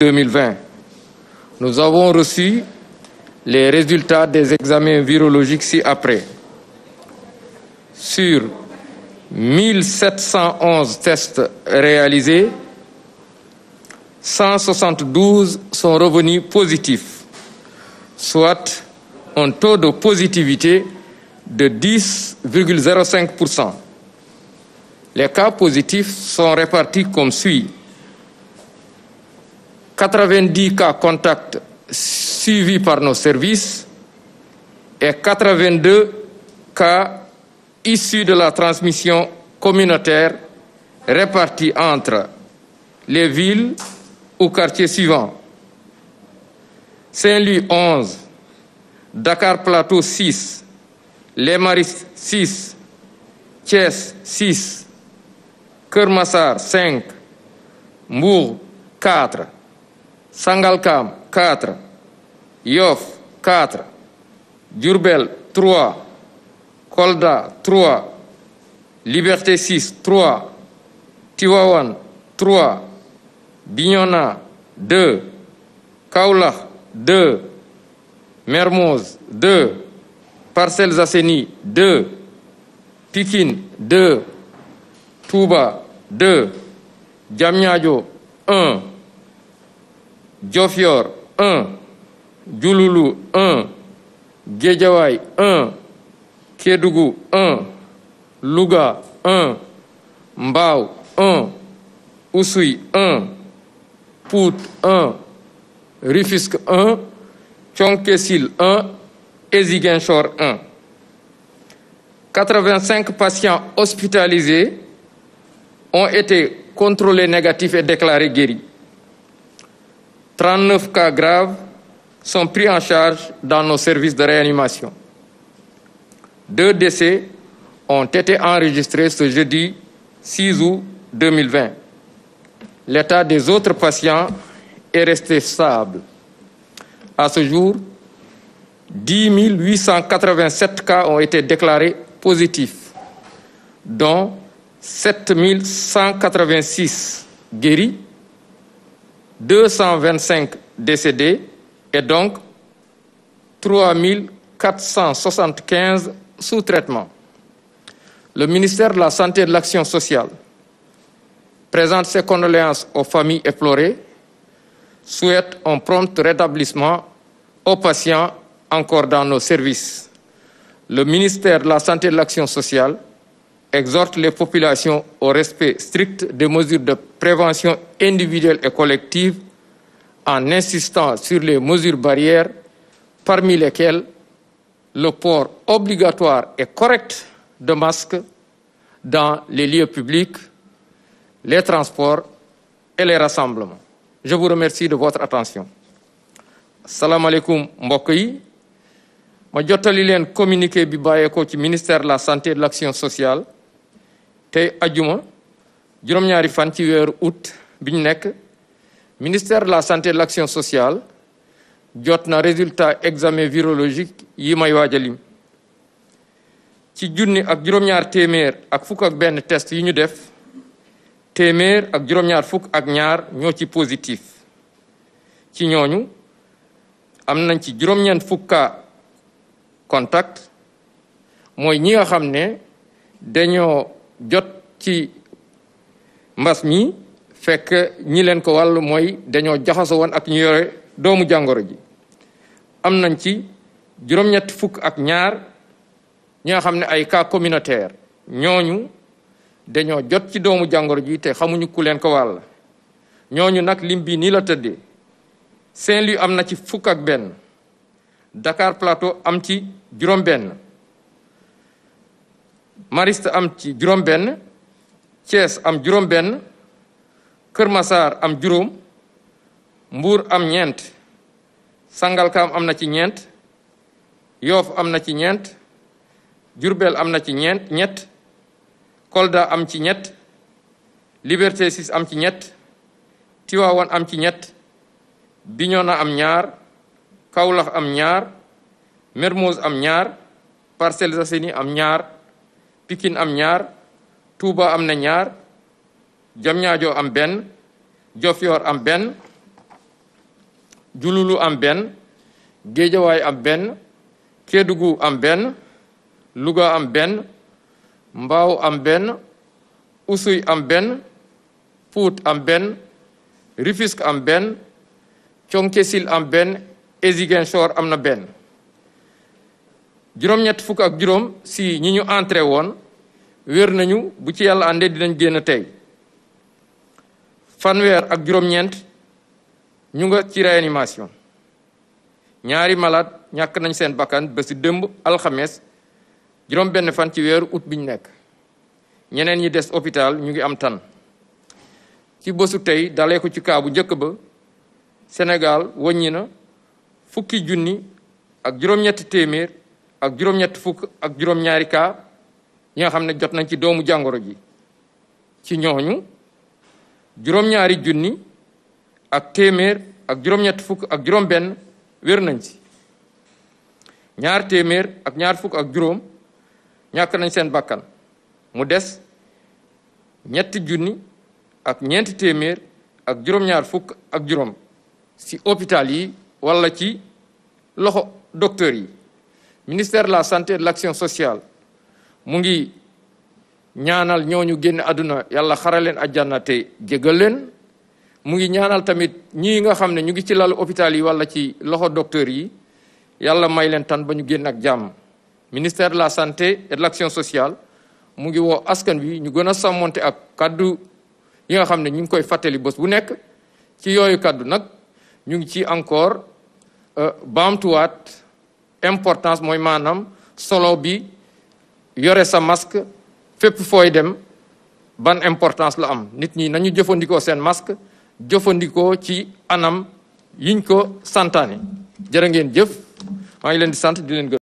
2020. Nous avons reçu les résultats des examens virologiques ci-après. Sur 1711 tests réalisés, 172 sont revenus positifs, soit un taux de positivité de 10,05%. Les cas positifs sont répartis comme suit. 90 cas contacts suivis par nos services et 82 cas issus de la transmission communautaire répartis entre les villes ou quartiers suivants. Saint-Louis 11, Dakar Plateau Les Maris 6, Thiès 6, Kermassar 5, Mour 4, Sangalkam 4 Yoff 4 Diourbel Kolda 3 Liberté 6 3 Tivaouane 3 Bignona 2 Kaolack 2 Mermoz 2 Parcelles Assainies 2 Pikine 2 Diofior 1 Diouloulou 1 Guédiawaye 1 Kédougou 1 Louga 1 Mbao 1 Oussouye 1 Pout 1 Rufisque 1 Thionck-Essyl 1 et Ziguinchor 1 85 patients hospitalisés ont été contrôlés négatifs et déclarés guéris 39 cas graves sont pris en charge dans nos services de réanimation. Deux décès ont été enregistrés ce jeudi 6 août 2020. L'état des autres patients est resté stable. À ce jour, 10 887 cas ont été déclarés positifs, dont 7 186 guéris 225 décédés est donc 3475 sous traitement. Le ministère de la Santé de l'Action sociale présente ses condoléances aux familles éplorées, souhaite un prompt rétablissement aux patients encore dans nos services. Le ministère de la Santé de l'Action sociale exhorte les populations au respect strict des mesures de prévention individuelle et collective en insistant sur les mesures barrières parmi lesquelles le port obligatoire et correct de masques dans les lieux publics, les transports et les rassemblements. Je vous remercie de votre attention. salaamaaleykum mbokk yi ma jottali leen communiqué bi bàyyeekoo ci ministère de la santé et de l'action sociale tey ajuma juróom-ñaari fan ci weeru août bi ñu nekk ministère de la santé et de l'action sociale jot na résultat examen virologique yi may waajalim ci junni ak juróom-ñaar téeméer ak fukk ak benn test yu ñu def téeméer ak juróom-ñaar fukk ak ñaar ñoo ci positif ci ñooñu am nañ ci juróom-ñeent fukka contact mooy ñi nga xam ne dañoo jot ci mbas mi fekk ñi leen ko wàll mooy dañoo jaxaso woon ak ñu yore doomu jàngoro ji am nañ ci juróom-ñetti fukk ak ñaar ñi xam ne ay cas communautaire ñooñu dañoo jot ci doomu jàngoro ji te xamuñu ku leen ko wàll ñooñu nag lim bi nii la tëddee Saint-Louis am na ci fukk ak benn Dakar Plateau am ci juróom benn Mariste am ci juróom-benn Thiès am juróom-benn Kër Massar am juróom mbuur am ñeent Sangalkam am na ci ñeent yoof am na ci ñeent Diourbel am na ci ñeent ñett Kolda am ci ñett Liberté 6 am ci ñett Tivaouane am ci ñett Bignona am ñaar Kaolack am ñaar Mermoz am ñaar Parcelles Assainies am ñaar Pikine am ñaar Touba am na ñaar Diamniadio am benn jofior am benn Diouloulou am benn Guédiawaye am benn Kédougou am benn Louga am benn Mbao am benn Oussouye am benn Pout am benn Rufisque am benn Thionck am benn et Ziguinchor am na benn juróom-ñett fukk ak juróom si ñi ñu entré woon wér nañu bu ci yàlla àndee dinañ génn tey fanweer ak juróom-ñeent ñu nga ci réanimation ñaari malade ñàkk nañ seen bakkan ba si dëmb alxames juróom benn fan ci weeru ut bi ñu nekk ñeneen ñi des hôpital ñu ngi am tan ci bésu tey dalee ko ci kaabu njëkk ba Sénégal wàññi na fukki junni ak juróom-ñetti téeméer ak juróom-ñett fukk ak juróom-ñaari cas ñi xam ne jot nañ ci doomu jàngoro ji ci ñooñu juróom-ñaari junni ak téeméer ak juróom-ñett fukk ak juróom-benn wér nañ ci ñaar téeméer ak ñaar fukk ak juróom ñàkk nañ seen bakkan mu des ñetti ak ñeenti ak juróom-ñaar fukk ak juróom ci hôpital yi walla ci loxo docteur yi ministère de la santé et de l'action sociale mu ngi ñaanal ñu génn àdduna yàlla xaraleen àjjana te jégal leen mu ngi ñaanal tamit ñi nga xam ne ñu ngi ci lalu hôpital yi wala ci loxo docteur yi yàlla may leen tan ba ñu génn ak jàmm ministère de la santé de l'action sociale mu ngi woo askan wi ñu gën a sàmmonte ak kàddu yi nga xam ne ñu ngi koy fàttali bés bu nekk ci yooyu kàddu nag ñu ngi ci encore euh, baamtuwaat importance mooy maanaam solo bi yore sa masque fépp fooy dem ban importance la am nit ñi nañu jëfandikoo seen masque jëfandikoo ci anam yiñ ko santaane jërë ngeen jëf maa ngi leen di sant di leen gërëm